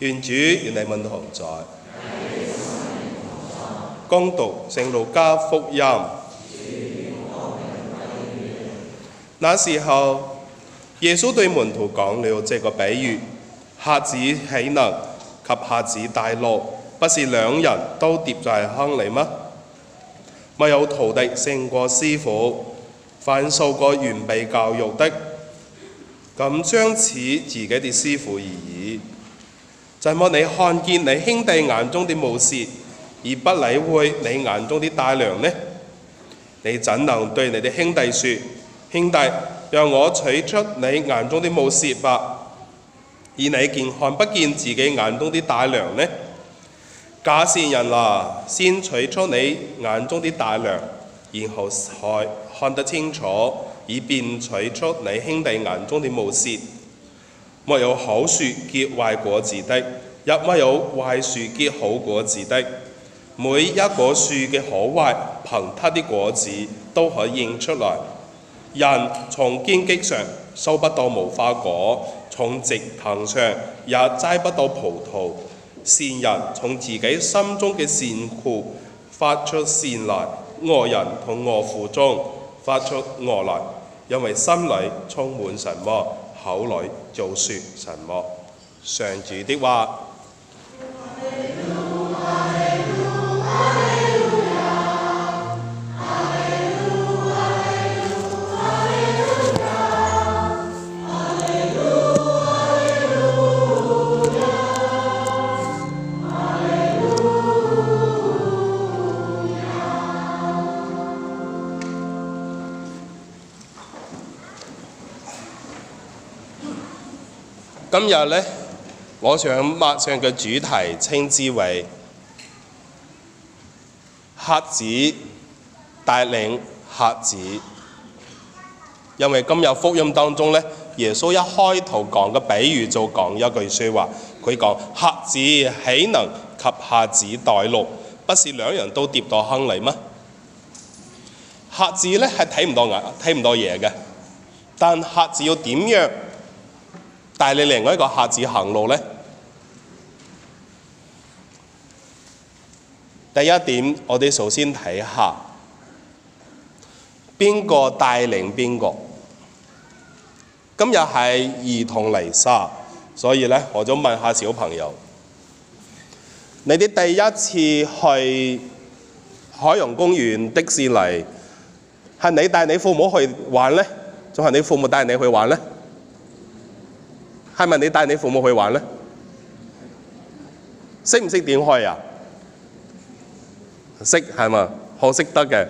願主與你們同在。恭讀《聖路加福音》，那時候耶穌對門徒講了這個比喻：瞎子豈能及瞎子帶路？不是兩人都跌在坑裏嗎？咪有徒弟勝過師傅，凡受過完備教育的，咁將此自己的師傅而已。怎麼你看見你兄弟眼中的木屑而不理會你眼中的大梁呢？你怎能對你哋兄弟說，兄弟，讓我取出你眼中的木屑吧，而你竟看不見自己眼中的大梁呢？假善人啦、啊，先取出你眼中的大梁，然後才看得清楚，以便取出你兄弟眼中的木屑。沒有好樹結壞果子的，亦沒有壞樹結好果子的。每一棵樹嘅好壞，憑它啲果子都可以認出來。人從荊棘上收不到無花果，從直藤上也摘不到葡萄。善人從自己心中嘅善庫發出善來，惡人同惡庫中發出惡來，因為心裏充滿什麼？口裏就說什麼，上主的話。今日呢，我想擘上嘅主題稱之為瞎子帶領瞎子，因為今日福音當中呢，耶穌一開頭講嘅比喻就講一句說話，佢講瞎子豈能及瞎子帶路？不是兩人都跌到坑裏嗎？瞎子呢係睇唔到眼，睇唔到嘢嘅，但瞎子要點樣？帶你另外一個孩子行路呢？第一點，我哋首先睇下邊個帶領邊個。今日係兒童彌撒，所以呢，我想問一下小朋友，你啲第一次去海洋公園、迪士尼，係你帶你父母去玩呢？仲係你父母帶你去玩呢？係咪你帶你父母去玩咧？識唔識點去啊？識係嘛，好識得嘅。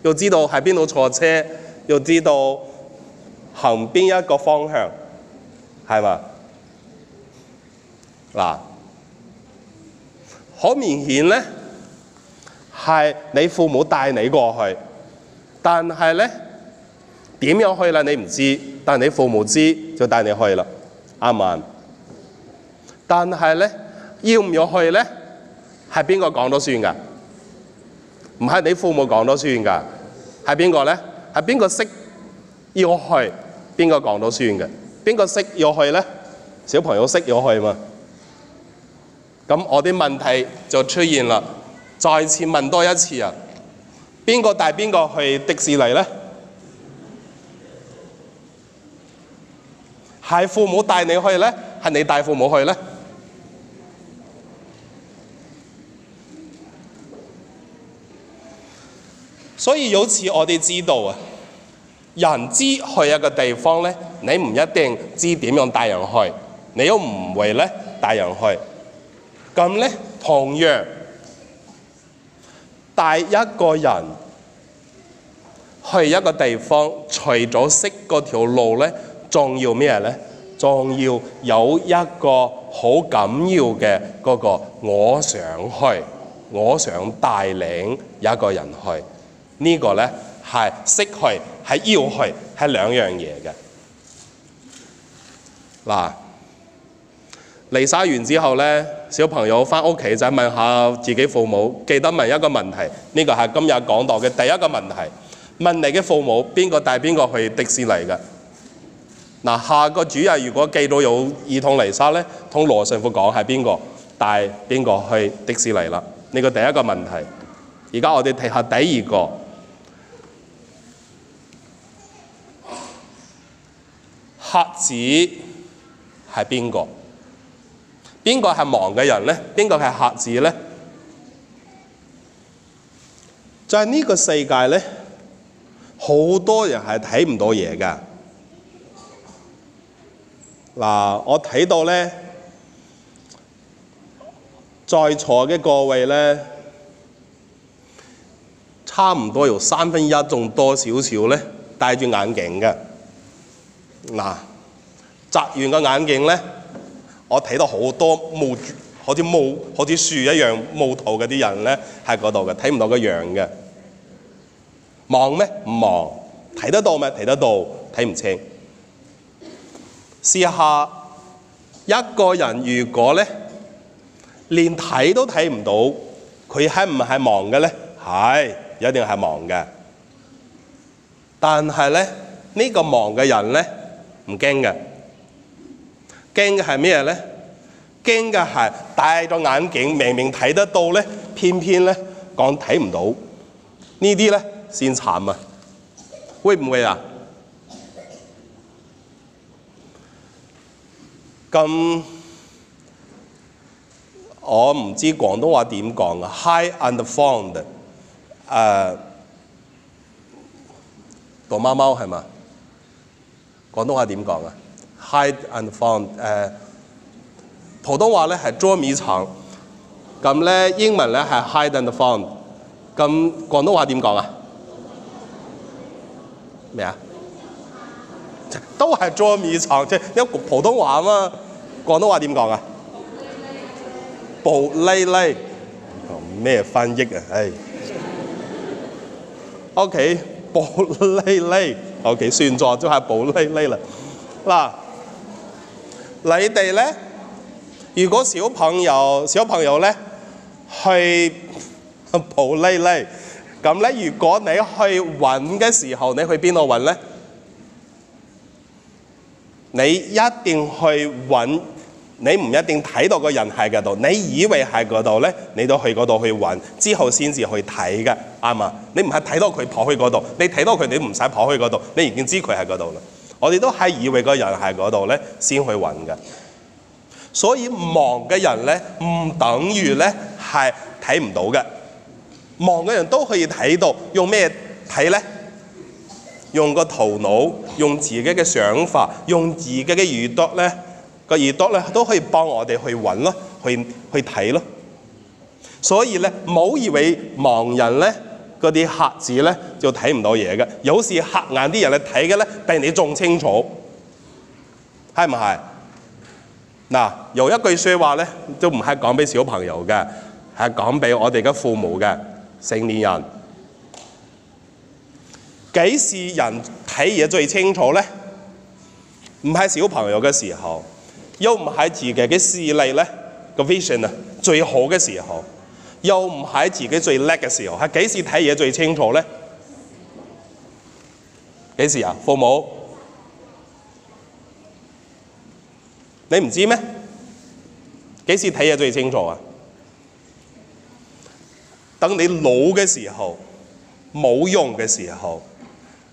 要知道喺邊度坐車，要知道行邊一個方向，係嘛？嗱，好明顯咧，係你父母帶你過去，但係咧，點樣去咧？你唔知。但你父母知就帶你去啦，啱唔啱？但係呢，要唔要去呢？係邊個講到算㗎？唔係你父母講到算㗎，係邊個呢？係邊個識要去？邊個講到算㗎？邊個識要去呢？小朋友識要去嘛？咁我啲問題就出現啦，再次問多一次啊！邊個帶邊個去迪士尼呢？係父母帶你去咧，係你帶父母去咧？所以由此我哋知道啊，人知去一個地方咧，你唔一定知點樣帶人去，你都唔會咧帶人去。咁咧，同樣帶一個人去一個地方，除咗識嗰條路咧。重要咩呢？重要有一個好緊要嘅嗰、那個，我想去，我想帶領一個人去。呢、這個呢係識去，係要去，係兩樣嘢嘅嗱。嚟晒完之後呢，小朋友翻屋企就問下自己父母，記得問一個問題。呢、這個係今日講道嘅第一個問題，問你嘅父母邊個帶邊個去迪士尼嘅？嗱，下個主日如果記到有兒童尼撒咧，同羅神父講係邊個帶邊個去迪士尼啦？呢個第一個問題。而家我哋睇下第二個瞎子係邊個？邊個係忙嘅人咧？邊個係瞎子咧？就係呢個世界咧，好多人係睇唔到嘢噶。嗱，我睇到咧，在座嘅各位咧，差唔多有三分一仲多少少咧，戴住眼鏡嘅。嗱，摘完個眼鏡咧，我睇到好多木，好似木，好似樹一樣木頭嘅啲人咧，喺嗰度嘅，睇唔到個樣嘅。望咩？唔望，睇得到咩？睇得到，睇唔清。試一個人，如果咧連睇都睇唔到，佢係唔係盲嘅咧？係，一定係盲嘅。但係咧，這個、忙呢個盲嘅人咧，唔驚嘅，驚嘅係咩咧？驚嘅係戴咗眼鏡，明明睇得到咧，偏偏咧講睇唔到。呢啲咧先慘啊，會唔會啊？咁、嗯、我唔知廣東話點講啊 hide and found，誒、呃，躲貓貓係嘛？廣東話點講啊 hide and found，誒、呃，普通話咧係捉迷藏，咁、嗯、咧英文咧係 hide and found，咁、嗯、廣東話點講啊？咩啊？都係捉迷藏，即係用普通話嘛？廣東話點講啊？布麗麗，講咩翻譯啊？唉，OK，布麗麗，OK，算咗就係布麗麗啦。嗱，你哋咧，如果小朋友小朋友咧去布麗麗，咁咧，如果你去揾嘅時候，你去邊度揾咧？你一定去揾，你唔一定睇到個人喺度，你以為喺嗰度咧，你都去嗰度去揾，之後先至去睇㗎，啱嘛？你唔係睇到佢跑去嗰度，你睇到佢，你唔使跑去嗰度，你已經知佢喺嗰度啦。我哋都係以為個人喺嗰度咧，先去揾㗎。所以盲嘅人咧，唔等於咧係睇唔到㗎。盲嘅人都可以睇到，用咩睇咧？用個頭腦，用自己嘅想法，用自己嘅耳朵呢，個耳朵呢都可以幫我哋去揾咯，去去睇咯。所以呢，唔好以為盲人，嗰啲瞎子呢，嗰啲瞎子呢就睇唔到嘢嘅，有時瞎眼啲人嚟睇嘅呢比你仲清楚，係唔係？嗱，有一句説話呢都唔係講俾小朋友嘅，係講俾我哋嘅父母嘅成年人。幾時人睇嘢最清楚咧？唔係小朋友嘅時候，又唔係自己嘅視力咧個 vision 啊最好嘅時候，又唔係自己最叻嘅時候，係幾時睇嘢最清楚咧？幾時啊？父母，你唔知咩？幾時睇嘢最清楚啊？等你老嘅時候，冇用嘅時候。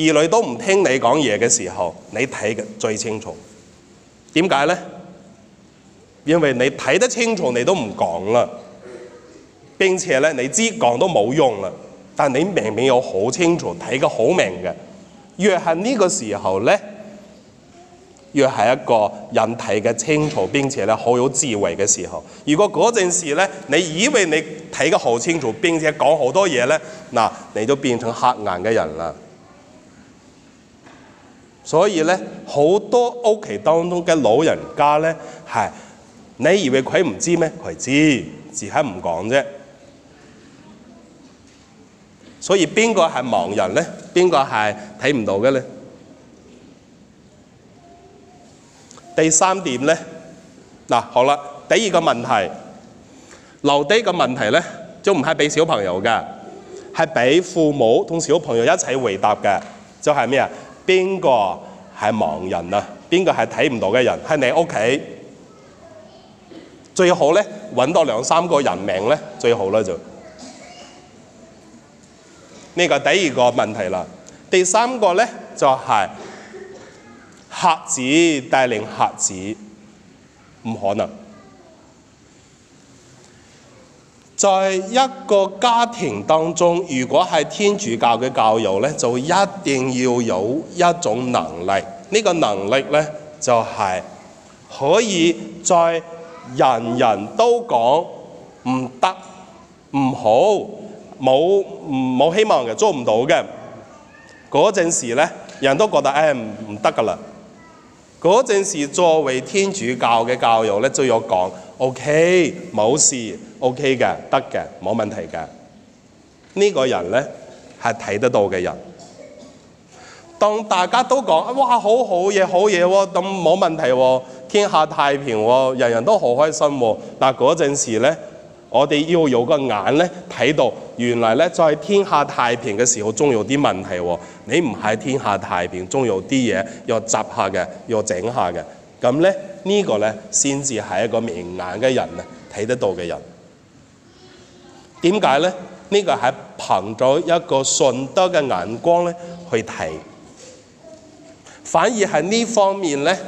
兒女都唔聽你講嘢嘅時候，你睇嘅最清楚。點解咧？因為你睇得清楚，你都唔講啦。並且咧，你知講都冇用啦。但你明明有好清楚睇得好明嘅，若係呢個時候咧，若係一個人睇嘅清楚，並且咧好有智慧嘅時候，如果嗰陣時咧，你以為你睇得好清楚，並且講好多嘢咧，嗱，你都變成黑眼嘅人啦。所以呢，好多屋企當中嘅老人家呢，係你以為佢唔知咩？佢知，只係唔講啫。所以邊個係盲人呢？邊個係睇唔到嘅咧？第三點呢，嗱，好啦，第二個問題留低個問題呢，就唔係畀小朋友㗎，係畀父母同小朋友一齊回答嘅，就係咩啊？邊個係盲人呀？邊個係睇唔到嘅人？喺你屋企最好咧，揾多兩三個人名咧，最好啦就。呢個第二個問題啦，第三個咧就係瞎子帶領瞎子，唔可能。在一個家庭當中，如果係天主教嘅教友咧，就一定要有一種能力。呢、這個能力咧，就係、是、可以在人人都講唔得、唔好、冇、冇希望嘅、做唔到嘅嗰陣時咧，人都覺得誒唔得㗎啦。嗰、哎、陣時，作為天主教嘅教友咧，就要講。O K，冇事，O K 嘅，得、okay、嘅，冇問題嘅。呢、這個人咧係睇得到嘅人。當大家都講哇，好好嘢，好嘢喎，咁冇問題喎，天下太平喎，人人都好開心喎。嗱，嗰陣時咧，我哋要有個眼咧睇到，原來咧就係天下太平嘅時候，仲有啲問題喎。你唔係天下太平，仲有啲嘢要執下嘅，要整下嘅。咁咧呢個咧先至係一個明眼嘅人啊，睇得到嘅人點解咧？呢個係憑咗一個信德嘅眼光咧去睇，反而喺呢方面咧，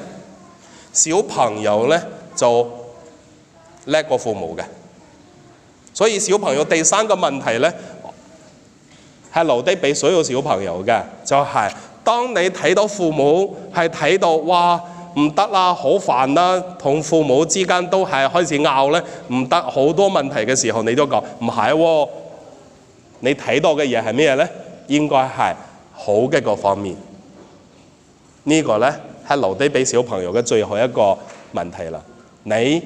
小朋友咧就叻過父母嘅。所以小朋友第三個問題咧係留低俾所有小朋友嘅，就係當你睇到父母係睇到哇～唔得啦，好煩啦，同父母之間都係開始拗咧，唔得好多問題嘅時候你、哦，你都講唔係喎。你睇到嘅嘢係咩咧？應該係好嘅嗰方面。這個、呢個咧係留低俾小朋友嘅最後一個問題啦。你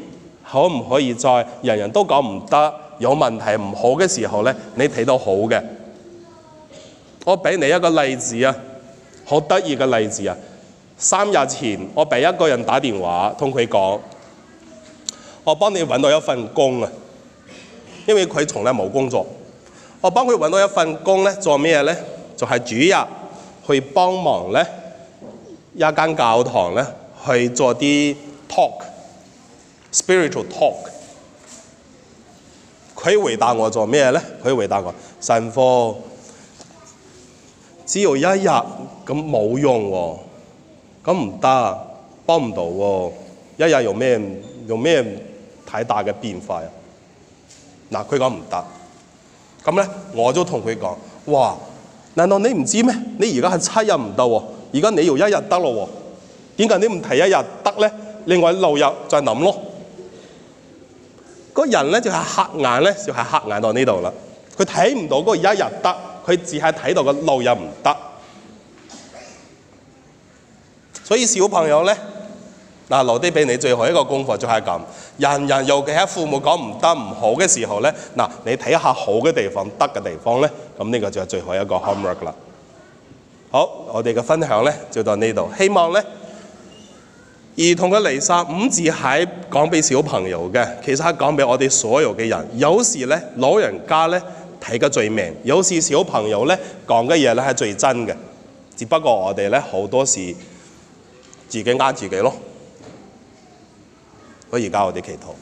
可唔可以再人人都講唔得有問題唔好嘅時候咧，你睇到好嘅？我俾你一個例子啊，好得意嘅例子啊！三日前，我俾一個人打電話，同佢講：我幫你揾到一份工啊！因為佢從來冇工作，我幫佢揾到一份工呢，做咩呢？就係、是、主日去幫忙呢，一間教堂呢，去做啲 talk，spiritual talk。佢回答我做咩呢？佢回答我：神父，只要一日咁冇用喎、啊。咁唔得，幫唔到喎。一日用咩用咩太大嘅變化呀？嗱，佢講唔得，咁咧我就同佢講：哇，難道你唔知咩？你而家係七日唔得喎，而家你要一日得咯喎。點解你唔提一日得呢？另外六日再諗咯。嗰人咧就係黑眼咧，就係黑眼到呢度啦。佢睇唔到嗰一日得，佢只係睇到個六日唔得。所以小朋友咧，嗱，留低俾你最後一個功課就係咁。人人尤其喺父母講唔得唔好嘅時候咧，嗱，你睇下好嘅地方、得嘅地方咧，咁、這、呢個就係最後一個 homework 啦。好，我哋嘅分享咧就到呢度。希望咧兒童嘅離散五字係講俾小朋友嘅，其實係講俾我哋所有嘅人。有時咧老人家咧睇嘅最明，有時小朋友咧講嘅嘢咧係最真嘅。只不過我哋咧好多時。自己呃自己咯，所以而家我哋祈禱。